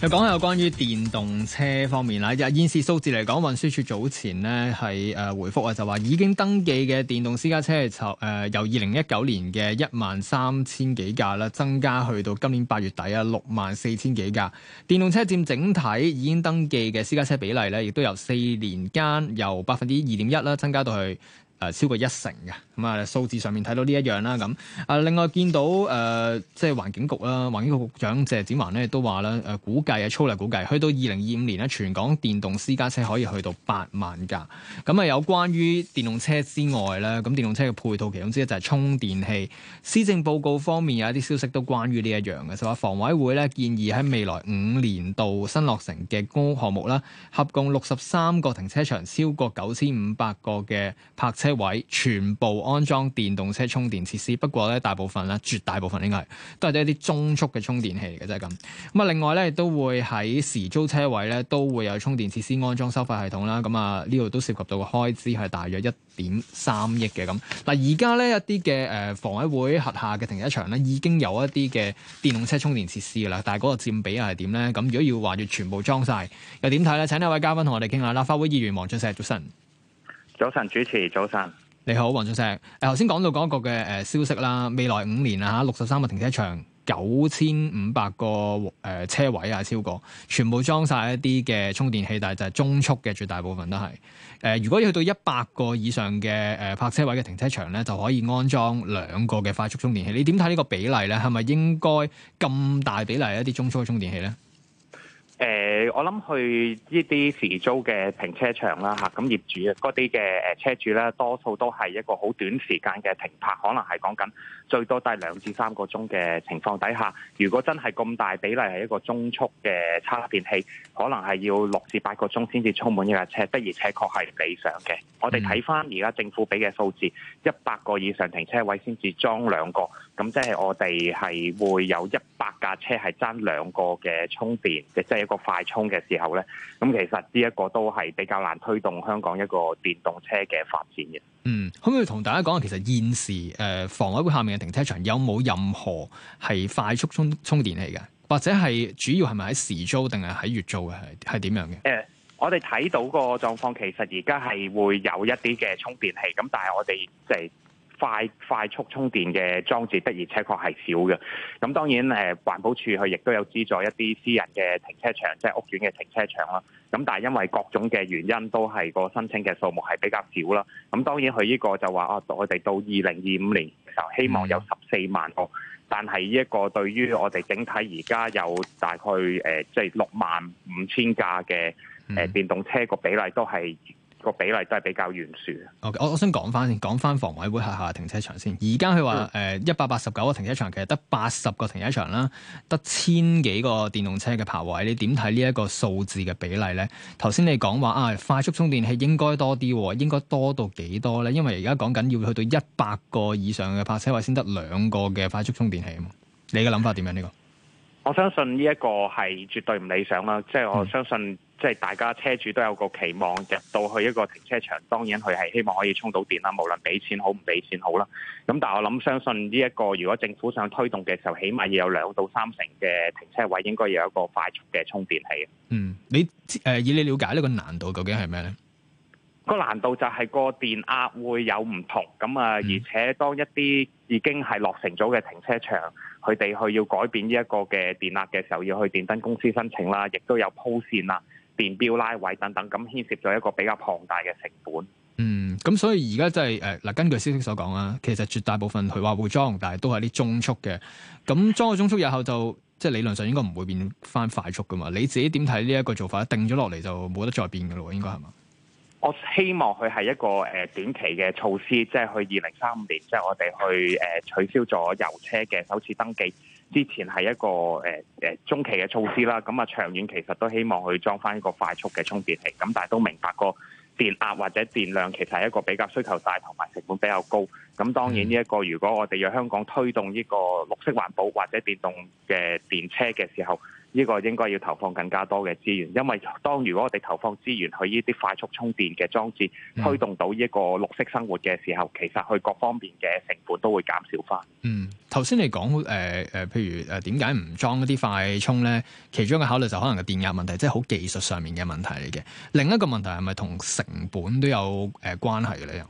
佢講下有關於電動車方面啦，就係現時數字嚟講，運輸署早前咧係誒回複啊，就話已經登記嘅電動私家車係、呃、由誒由二零一九年嘅一萬三千幾架啦，增加去到今年八月底啊六萬四千幾架電動車，佔整體已經登記嘅私家車比例咧，亦都由四年間由百分之二點一啦，增加到去誒、呃、超過一成嘅。咁啊，數字上面睇到呢一樣啦，咁啊，另外見到誒、呃，即係環境局啦，環境局局長謝展寰咧都話啦，誒、呃、估計啊，粗略估計，去到二零二五年咧，全港電動私家車可以去到八萬架。咁啊，有關於電動車之外咧，咁電動車嘅配套其中之一就係充電器。施政報告方面有一啲消息都關於呢一樣嘅，就話房委會咧建議喺未來五年度新落成嘅公屋項目啦，合共六十三個停車場，超過九千五百個嘅泊車位，全部，安裝電動車充電設施，不過咧大部分咧，絕大部分應該都係啲一啲中速嘅充電器嚟嘅，即係咁。咁啊，另外咧都會喺時租車位咧都會有充電設施安裝收費系統啦。咁啊，呢度都涉及到個開支係大約一點三億嘅咁。嗱，而家咧一啲嘅誒房委會轄下嘅停車場咧已經有一啲嘅電動車充電設施噶啦，但係嗰個佔比係點咧？咁如果要話要全部裝晒又點睇咧？請一位嘉賓同我哋傾下，立法會議員黃俊碩早晨。早晨，主持早晨。你好，黃俊碩。誒，頭先講到嗰個嘅誒消息啦，未來五年啊吓，六十三個停車場，九千五百個誒車位啊，超過，全部裝晒一啲嘅充電器，但係就係中速嘅，絕大部分都係。誒，如果要去到一百個以上嘅誒泊車位嘅停車場咧，就可以安裝兩個嘅快速充電器。你點睇呢個比例咧？係咪應該咁大比例係一啲中速嘅充電器咧？誒，我諗去呢啲時租嘅停車場啦，咁業主嗰啲嘅誒車主咧，多數都係一個好短時間嘅停泊，可能係講緊最多都係兩至三個鐘嘅情況底下。如果真係咁大比例係一個中速嘅插電器，可能係要六至八個鐘先至充滿一架車，的而且確係唔理想嘅。我哋睇翻而家政府俾嘅數字，一百個以上停車位先至裝兩個，咁即係我哋係會有一百架車係爭兩個嘅充電嘅，即係。個快充嘅時候咧，咁其實呢一個都係比較難推動香港一個電動車嘅發展嘅。嗯，可唔可以同大家講下，其實現時誒、呃，房委會下面嘅停車場有冇任何係快速充充電器嘅，或者係主要係咪喺時租定係喺月租嘅？係係點樣嘅？誒、呃，我哋睇到個狀況，其實而家係會有一啲嘅充電器，咁但係我哋即係。快快速充電嘅裝置的是少的，的而且確係少嘅。咁當然誒，環保署佢亦都有資助一啲私人嘅停車場，即、就、係、是、屋苑嘅停車場啦。咁但係因為各種嘅原因，都係個申請嘅數目係比較少啦。咁當然佢呢個就話啊，我哋到二零二五年就希望有十四萬個，嗯、但係呢一個對於我哋整體而家有大概誒即係六萬五千架嘅誒、呃、電動車個比例都係。個比例都係比較懸殊嘅。我我、okay, 我想講翻先，講翻房委會下下停車場先。而家佢話誒一百八十九個停車場，嗯、其實得八十個停車場啦，得千幾個電動車嘅泊位。你點睇呢一個數字嘅比例咧？頭先你講話啊，快速充電器應該多啲，應該多到幾多咧？因為而家講緊要去到一百個以上嘅泊車位，先得兩個嘅快速充電器啊，嘛，你嘅諗法點樣呢個？我相信呢一個係絕對唔理想啦，即、就、係、是、我相信、嗯。即係大家車主都有個期望，入到去一個停車場，當然佢係希望可以充到電啦。無論俾錢好唔俾錢好啦。咁但係我諗相信呢、這、一個，如果政府想推動嘅時候，起碼要有兩到三成嘅停車位應該要有一個快速嘅充電器。嗯，你誒、呃、以你了解呢個難度究竟係咩呢？那個難度就係個電壓會有唔同。咁啊，嗯、而且當一啲已經係落成咗嘅停車場，佢哋去要改變呢一個嘅電壓嘅時候，要去電燈公司申請啦，亦都有鋪線啦。電表拉位等等，咁牽涉咗一個比較龐大嘅成本。嗯，咁所以而家即係誒、嗱，根據消息所講啊，其實絕大部分佢話會裝，但係都係啲中速嘅。咁裝咗中速以後就即係理論上應該唔會變翻快速噶嘛？你自己點睇呢一個做法？定咗落嚟就冇得再變噶咯？應該係嘛？我希望佢係一個誒、短期嘅措施，即係去二零三五年，即係我哋去誒、取消咗油車嘅首次登記。之前係一個、呃、中期嘅措施啦，咁啊長遠其實都希望去裝返一個快速嘅充電器，咁但係都明白個電壓或者電量其實係一個比較需求大同埋成本比較高。咁當然呢一個，如果我哋要香港推動呢個綠色環保或者電動嘅電車嘅時候，呢個應該要投放更加多嘅資源。因為當如果我哋投放資源去呢啲快速充電嘅裝置，推動到呢一個綠色生活嘅時候，其實佢各方面嘅成本都會減少返、嗯。嗯，頭先你講誒誒，譬如誒點解唔裝一啲快充呢？其中嘅考慮就可能係電壓問題，即係好技術上面嘅問題嚟嘅。另一個問題係咪同成本都有誒、呃、關係咧？又？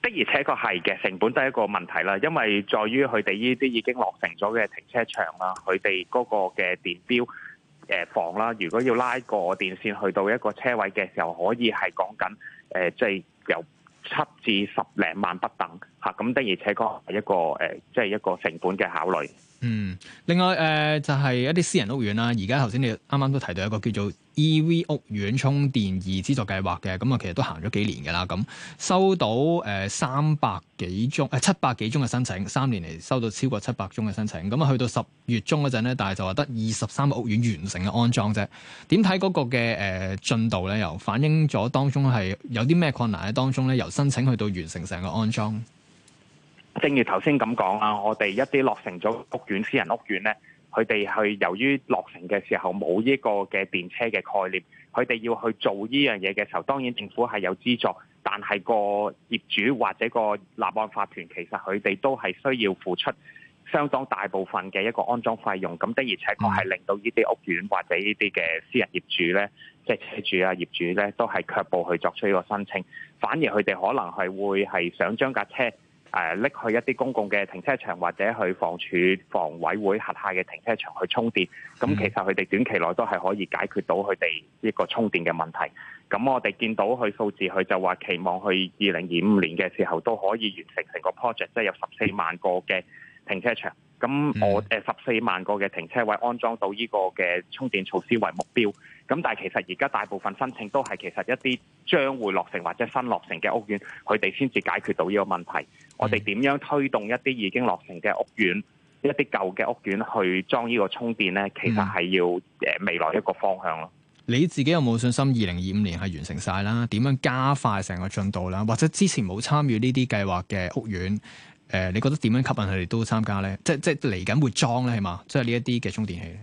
的而且確係嘅，成本都係一個問題啦，因為在於佢哋呢啲已經落成咗嘅停車場啦，佢哋嗰個嘅電表、呃、房啦，如果要拉個電線去到一個車位嘅時候，可以係講緊，即係由七至十零萬不等咁、啊、的而且確係一個即係、呃即係、一個成本嘅考慮。嗯，另外誒、呃、就係、是、一啲私人屋苑啦，而家頭先你啱啱都提到一個叫做 EV 屋苑充電二資助計劃嘅，咁啊其實都行咗幾年㗎啦，咁收到三百幾宗、七百幾宗嘅申請，三年嚟收到超過七百宗嘅申請，咁啊去到十月中嗰陣咧，但係就話得二十三個屋苑完成嘅安裝啫，點睇嗰個嘅誒進度咧？又反映咗當中係有啲咩困難喺當中咧？由申請去到完成成個安裝？正如頭先咁講啊，我哋一啲落成咗屋苑、私人屋苑呢，佢哋去由於落成嘅時候冇呢個嘅電車嘅概念，佢哋要去做呢樣嘢嘅時候，當然政府係有資助，但係個業主或者個立案法團其實佢哋都係需要付出相當大部分嘅一個安裝費用。咁的而且確係令到呢啲屋苑或者呢啲嘅私人業主呢，即係車主啊、業主呢，都係卻步去作出呢個申請，反而佢哋可能係會係想將架車。誒，拎、呃、去一啲公共嘅停車場，或者去房署、房委會轄下嘅停車場去充電。咁其實佢哋短期內都係可以解決到佢哋呢個充電嘅問題。咁我哋見到佢數字，佢就話期望去二零二五年嘅時候都可以完成成個 project，即係有十四萬個嘅停車場。咁我誒十四萬個嘅停車位安裝到呢個嘅充電措施為目標。咁但係其實而家大部分申請都係其實一啲將會落成或者新落成嘅屋苑，佢哋先至解決到呢個問題。我哋點樣推動一啲已經落成嘅屋苑、一啲舊嘅屋苑去裝呢個充電咧？其實係要誒未來一個方向咯、嗯。你自己有冇信心二零二五年係完成晒啦？點樣加快成個進度啦？或者之前冇參與呢啲計劃嘅屋苑，誒、呃，你覺得點樣吸引佢哋都參加咧？即即嚟緊會裝咧係嘛？即係呢一啲嘅充電器。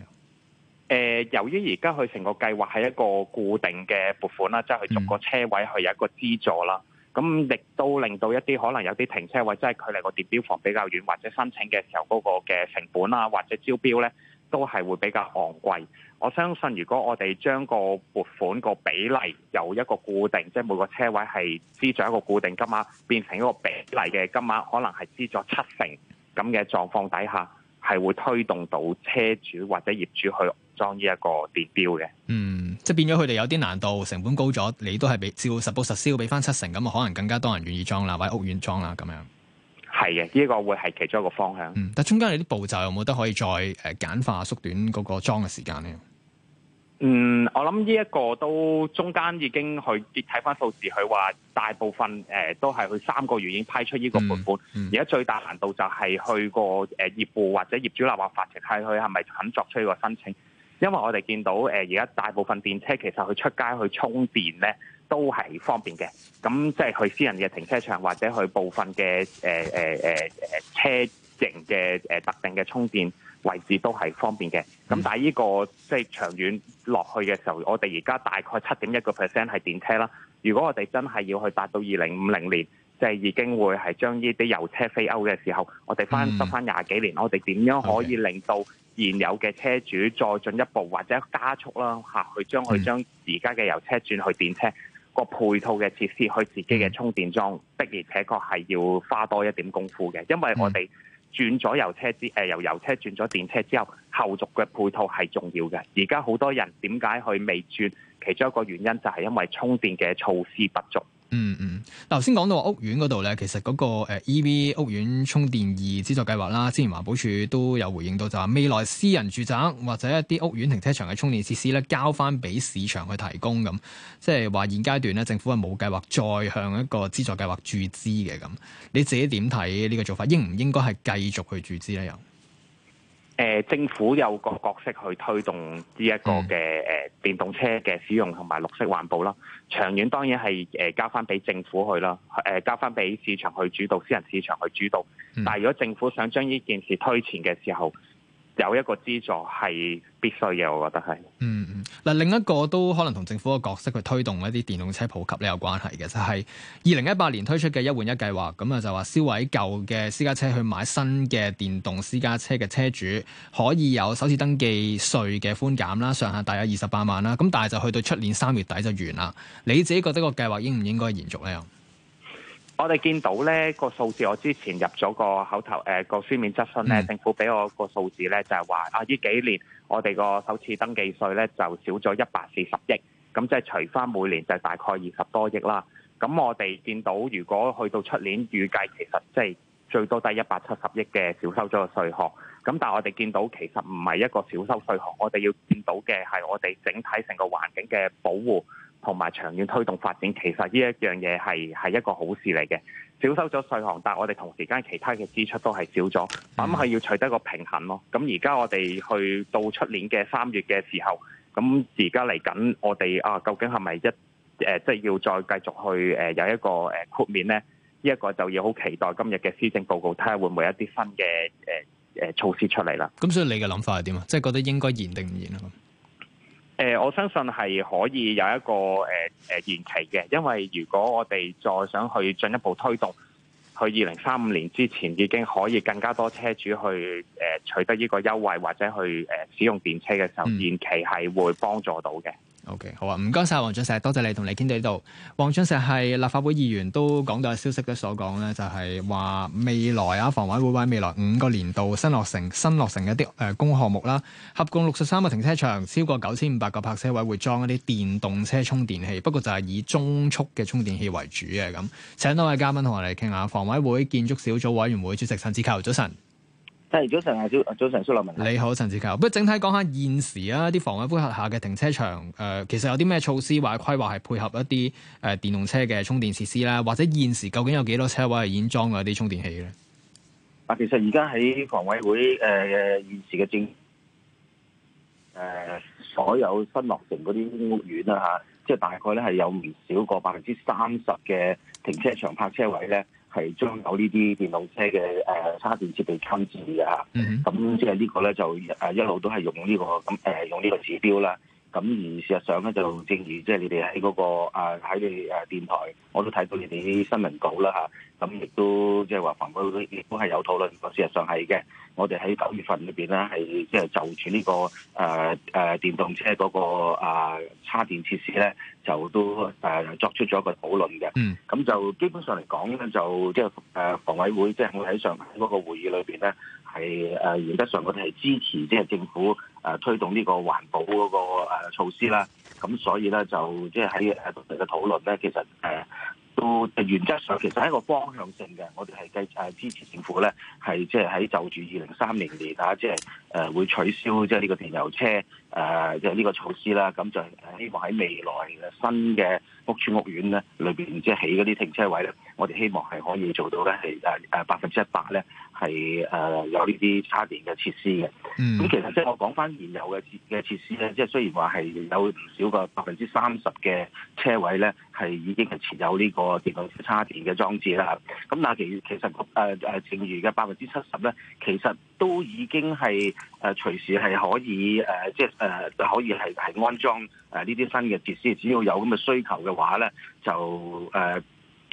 誒、呃，由於而家佢成個計劃係一個固定嘅撥款啦，即係逐個車位去有一個資助啦。嗯。咁亦都令到一啲可能有啲停車位，即係距離個電表房比較遠，或者申請嘅時候嗰個嘅成本啊，或者招標咧，都係會比較昂貴。我相信，如果我哋將個撥款個比例由一個固定，即係每個車位係資助一個固定金額，變成一個比例嘅金額，可能係資助七成咁嘅狀況底下，係會推動到車主或者業主去裝呢一個電表嘅。嗯。即係變咗佢哋有啲難度，成本高咗，你都係俾照實報實銷俾翻七成，咁啊可能更加多人願意裝啦，或者屋苑裝啦咁樣。係嘅，呢、這個會係其中一個方向。嗯，但中間有啲步驟有冇得可以再誒、呃、簡化縮短嗰個裝嘅時間咧？嗯，我諗呢一個都中間已經去睇翻數字，佢話大部分誒、呃、都係佢三個月已經批出呢個本本，而家、嗯嗯、最大難度就係去、那個誒、呃、業戶或者業主立或發情，係佢係咪肯作出呢個申請？因為我哋見到誒而家大部分電車其實去出街去充電咧，都係方便嘅。咁即係去私人嘅停車場或者去部分嘅誒誒誒誒車型嘅、呃、特定嘅充電位置都係方便嘅。咁、嗯、但係、這、呢個即係、就是、長遠落去嘅時候，我哋而家大概七點一個 percent 係電車啦。如果我哋真係要去達到二零五零年，即、就、係、是、已經會係將呢啲油車飛歐嘅時候，我哋翻執翻廿幾年，嗯、我哋點樣可以 Okay. 令到現有嘅車主再進一步或者加速啦嚇，去將佢將而家嘅油車轉去電車個、嗯、配套嘅設施，去自己嘅充電樁，的而且確係要花多一點功夫嘅。因為我哋轉咗油車之、呃、由油車轉咗電車之後，後續嘅配套係重要嘅。而家好多人點解佢未轉？其中一個原因就係因為充電嘅措施不足。嗯嗯，嗱，頭先講到屋苑嗰度咧，其實嗰個誒 E V 屋苑充電二資助計劃啦，之前環保署都有回應到，就話未來私人住宅或者一啲屋苑停車場嘅充電設施咧，交翻俾市場去提供咁，即係話現階段咧，政府係冇計劃再向一個資助計劃注資嘅咁，你自己點睇呢個做法應唔應該係繼續去注資咧又？誒政府有個角色去推動呢一個嘅誒電動車嘅使用同埋綠色環保啦。長遠當然係誒交翻俾政府去啦，誒交翻俾市場去主導，私人市場去主導。但係如果政府想將呢件事推前嘅時候，有一個資助係必須嘅，我覺得係嗯嗯嗱。另一個都可能同政府嘅角色去推動一啲電動車普及咧有關係嘅，就係二零一八年推出嘅一換一計劃咁啊，就話銷毀舊嘅私家車去買新嘅電動私家車嘅車主可以有首次登記稅嘅寬減啦，上限大約二十八萬啦。咁但係就去到出年三月底就完啦。你自己覺得這個計劃應唔應該延續呢？我哋見到咧、這個數字，我之前入咗個口頭誒、呃、個書面質詢咧，嗯、政府俾我個數字咧就係、是、話啊，呢幾年我哋個首次登記稅咧就少咗一百四十億，咁即係除返每年就大概二十多億啦。咁我哋見到如果去到出年預計其實即係最多得一百七十億嘅少收咗個稅項。咁但係我哋見到其實唔係一個少收稅項，我哋要見到嘅係我哋整體成個環境嘅保護。同埋長遠推動發展，其實呢一樣嘢係係一個好事嚟嘅，少收咗稅項，但係我哋同時間其他嘅支出都係少咗，咁係要取得一個平衡咯。咁而家我哋去到出年嘅三月嘅時候，咁而家嚟緊我哋啊，究竟係咪一誒，即、呃、係、就是、要再繼續去誒、呃、有一個誒豁免咧？呢一個就要好期待今日嘅施政報告，睇下會唔會一啲新嘅誒誒措施出嚟啦。咁所以你嘅諗法係點啊？即係覺得應該延定唔延啊？誒，我相信係可以有一個誒誒延期嘅，因為如果我哋再想去進一步推動，去二零三五年之前已經可以更加多車主去誒取得呢個優惠或者去誒使用電車嘅時候，延期係會幫助到嘅。O.K. 好啊，唔該晒，黃俊碩，多謝你同你傾到呢度。黃俊碩係立法會議員，都講到消息所講咧，就係話未來啊，房委會委未來五個年度新落成新落成一啲、呃、公項目啦，合共六十三個停車場，超過九千五百個泊車位會裝一啲電動車充電器，不過就係以中速嘅充電器為主嘅咁。請多位嘉賓同我哋傾下房委會建築小組委員會主席陳志球，早晨。誒，早晨啊，早早晨，蘇立文。你好，陳志球。不如整體講下現時啊，啲房委會下嘅停車場，誒、呃，其實有啲咩措施或者規劃係配合一啲誒電動車嘅充電設施啦？或者現時究竟有幾多車位係已經裝嗰啲充電器咧？嗱，其實而家喺房委會誒嘅、呃、現時嘅政誒，所有新落成嗰啲屋苑啊，即係大概咧係有唔少過百分之三十嘅停車場泊車位咧。係將有呢啲電動車嘅誒插電設備配置㗎。咁即係呢個呢，就誒一路都係用呢個咁誒用呢個指標啦。咁而事實上咧，就正如即係你哋喺嗰個喺你誒電台，我都睇到你哋啲新聞稿啦吓。咁亦都即係話房委會亦都係有討論。個事實上係嘅，我哋喺九月份裏面咧，係即係就住呢個誒誒電動車嗰個啊叉電設施咧，就都誒作出咗一個討論嘅。嗯。咁就基本上嚟講咧，就即係房委會即係我喺上喺嗰個會議裏面咧。係誒原，原則上，我哋係支持即係政府誒推動呢個環保嗰個措施啦。咁所以咧，就即係喺同誒嘅討論咧，其實誒都原則上其實係一個方向性嘅。我哋係計誒支持政府咧，係即係喺就住二零三零年啊，即係誒會取消即係呢個電油車誒即係呢個措施啦。咁就希望喺未來嘅新嘅屋邨屋苑咧裏邊，即係起嗰啲停車位咧。我哋希望係可以做到咧，係誒誒百分之一百咧，係誒有呢啲叉電嘅設施嘅。咁其實即係我講返現有嘅設嘅設施咧，即係雖然話係有唔少個百分之三十嘅車位咧，係已經係設有呢個電動車叉電嘅裝置啦。咁但係其其實誒誒，剩餘嘅百分之七十咧，其實都已經係誒隨時係可以誒，即係誒可以係係安裝誒呢啲新嘅設施，只要有咁嘅需求嘅話咧，就誒。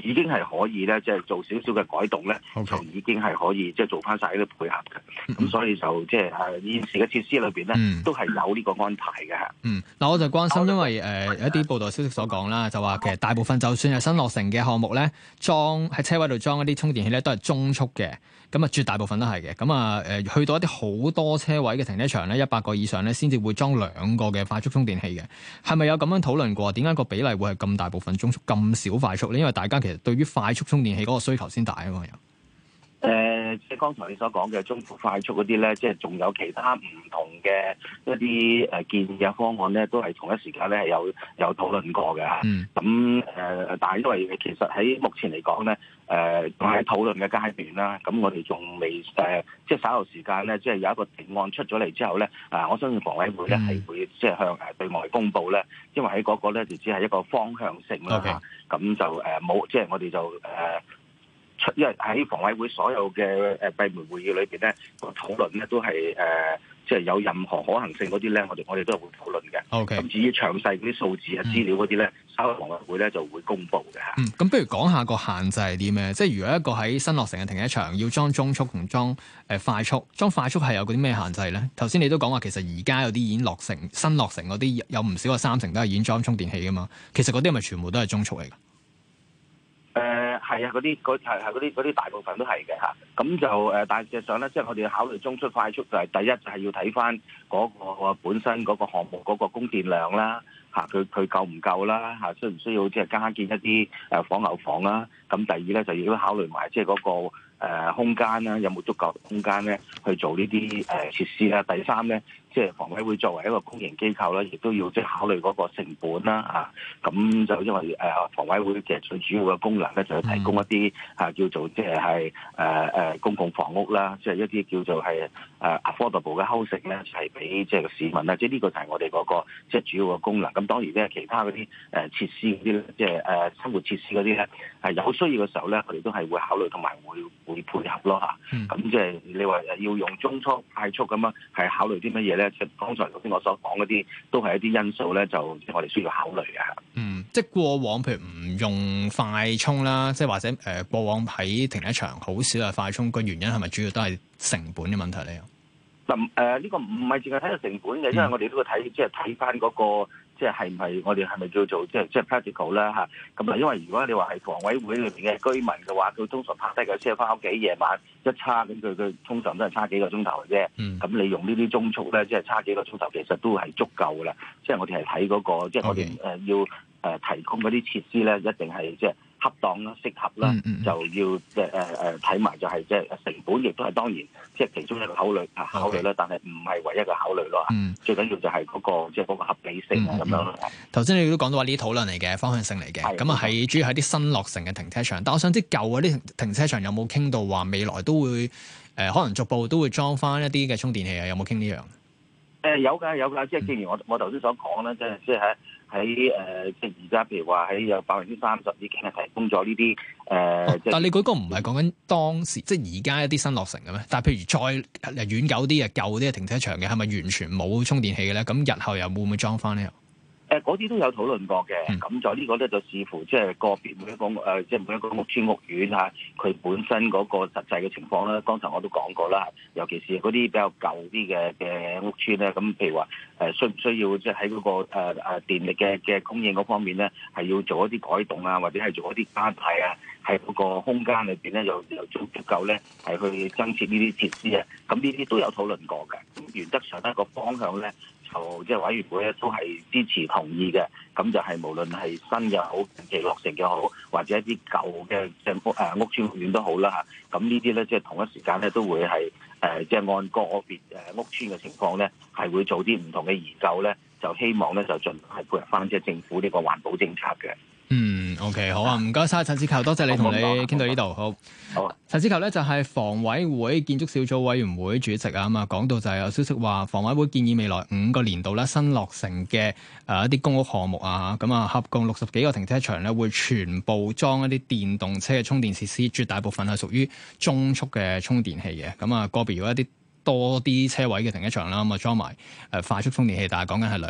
已經係可以咧，即、就、係、是、做少少嘅改動咧 Okay.，就已經係可以即係做翻晒呢啲配合嘅。咁、嗯、所以就即係、就是啊、現時嘅設施裏邊咧，嗯、都係有呢個安排嘅。嗯，嗱，我就關心，的因為誒、呃、的一啲報道消息所講啦，就話其實大部分就算係新落成嘅項目咧，裝喺車位度裝一啲充電器咧，都係中速嘅。咁啊，絕大部分都係嘅。咁啊，誒、呃、去到一啲好多車位嘅停車場咧，一百個以上咧，先至會裝兩個嘅快速充電器嘅。係咪有咁樣討論過？點解個比例會係咁大部分中速咁少快速咧？因為大家。其實對於快速充電器嗰個需求先大啊嘛又。即係剛才你所講嘅中速快速嗰啲咧，即係仲有其他唔同嘅一啲誒建議嘅方案咧，都係同一時間咧有有討論過嘅咁誒，嗯、但係因為其實喺目前嚟講咧，誒仲喺討論嘅階段啦。咁我哋仲未誒，即係稍後時間咧，即係有一個提案出咗嚟之後咧，啊，我相信房委會咧係會即係向誒對外公布咧，嗯、因為喺嗰個咧就只係一個方向性啦。咁 Okay.、啊、就誒冇、呃，即係我哋就誒。呃因為喺房委會所有嘅誒閉門會議裏邊咧，個討論咧都係誒，即、呃、係、就是、有任何可行性嗰啲咧，我哋我哋都係會討論嘅。O K. 咁至於詳細嗰啲數字啊、資料嗰啲咧，稍後房委會咧就會公布嘅嚇。咁、嗯、不如講下個限制係啲咩？即係如果一個喺新落成嘅停車場要裝中速同裝誒快速，裝快速係有嗰啲咩限制咧？頭先你都講話，其實而家有啲已經落成新落成嗰啲有唔少個三成都係已經裝充電器㗎嘛。其實嗰啲係咪全部都係中速嚟？係啊，啲嗰係係嗰啲啲大部分都係嘅嚇，咁就誒大致上咧，即係我哋考慮中速快速就係、是、第一就係要睇翻嗰個本身嗰個項目嗰個供電量啦嚇，佢、啊、佢夠唔夠啦嚇，需、啊、唔需要即係加建一啲誒火牛房啦？咁、啊、第二咧就要考慮埋即係、那、嗰個、呃、空間啦，有冇足夠嘅空間咧去做呢啲誒設施咧、啊？第三咧。即係房委會作為一個公營機構咧，亦都要即係考慮嗰個成本啦嚇。咁、啊、就因為誒房委會其實最主要嘅功能咧，就係提供一啲嚇叫做即係誒誒公共房屋啦，即、就、係、是、一啲叫做係誒 affordable 嘅 Housing 咧，係俾即係個市民啦。即係呢個就係我哋嗰個即係主要嘅功能。咁當然咧，其他嗰啲誒設施嗰啲即係誒生活設施嗰啲咧，係有需要嘅時候咧，佢哋都係會考慮同埋會會配合咯嚇。咁即係你話要用中速、快速咁樣，係考慮啲乜嘢咧？咧，剛才頭先我所講嗰啲，都係一啲因素咧，就我哋需要考慮嘅、嗯。嗯，即係過往，譬如唔用快充啦，即係或者誒，過往喺停車場好少係快充，個原因係咪主要都係成本嘅問題咧？嗱，誒，呢個唔係淨係睇到成本嘅，因為我哋都要睇，即係睇翻嗰個。即係係唔係我哋係咪叫做即係即係 practical 啦嚇？咁啊，因為如果你話係房委會裏邊嘅居民嘅話，佢通常泊低架車，翻屋企夜晚一差，咁佢佢通常都係差幾個鐘頭嘅啫。咁、mm. 嗯、你用呢啲中速咧，即係差幾個鐘頭，其實都係足夠嘅啦。即係我哋係睇嗰個，Okay. 即係我哋誒要誒提供嗰啲設施咧，一定係即係。恰當啦，適合啦，mm hmm. 就要即係誒誒睇埋就係即係成本，亦都係當然即係其中一個考慮 Okay. 考慮啦，但係唔係唯一嘅考慮咯。Hmm. 最緊要就係嗰、嗰個即係嗰個合理性咁、mm hmm. 樣。頭先你都講到話呢啲討論嚟嘅方向性嚟嘅，咁啊係主要喺啲新落成嘅停車場，但我想知舊嗰啲停車場有冇傾到話未來都會、呃、可能逐步都會裝翻一啲嘅充電器啊？有冇傾呢樣？誒、呃，有噶有噶即係正如我我頭先所講啦，即係即係喺喺誒，即係而家，譬如話喺有百分之三十已經係提供咗呢啲誒。但係你嗰個唔係講緊當時，即係而家一啲新落成嘅咩？但係譬如再誒遠久啲啊舊啲嘅停車場嘅，係咪完全冇充電器嘅咧？咁日後又會唔會裝翻呢？誒嗰啲都有討論過嘅，咁就呢個咧就視乎即係個別每一個誒，即係每一個屋村屋苑佢本身嗰個實際嘅情況呢，剛才我都講過啦，尤其是嗰啲比較舊啲嘅嘅屋村咧，咁譬如話誒，需唔需要即係喺嗰個誒誒電力嘅嘅供應嗰方面咧，係要做一啲改動啊，或者係做一啲加大啊，喺嗰個空間裏面咧又又足唔足夠咧，係去增設呢啲設施啊？咁呢啲都有討論過嘅，咁原則上咧個方向咧。即係委員會咧，都係支持同意嘅，咁就係無論係新嘅好，其落成嘅好，或者一啲舊嘅政府誒屋邨屋苑都好啦吓，咁呢啲咧即係同一時間咧都會係誒即係按個別誒屋邨嘅情況咧，係會做啲唔同嘅研究咧，就希望咧就盡量係配合翻即係政府呢個環保政策嘅。O、okay, K，好啊，唔該晒，陳志球，多謝你同你傾到呢度，好。好，陳志球咧就係、是、房委會建築小組委員會主席啊，咁、嗯、啊，講到就係有消息話房委會建議未來五個年度啦新落成嘅誒一啲公屋項目啊，咁啊合共六十幾個停車場咧會全部裝一啲電動車嘅充電設施，絕大部分係屬於中速嘅充電器嘅，咁、嗯、啊個別如果一啲多啲車位嘅停車場啦，咁啊裝埋誒快速充電器，但係講緊係兩。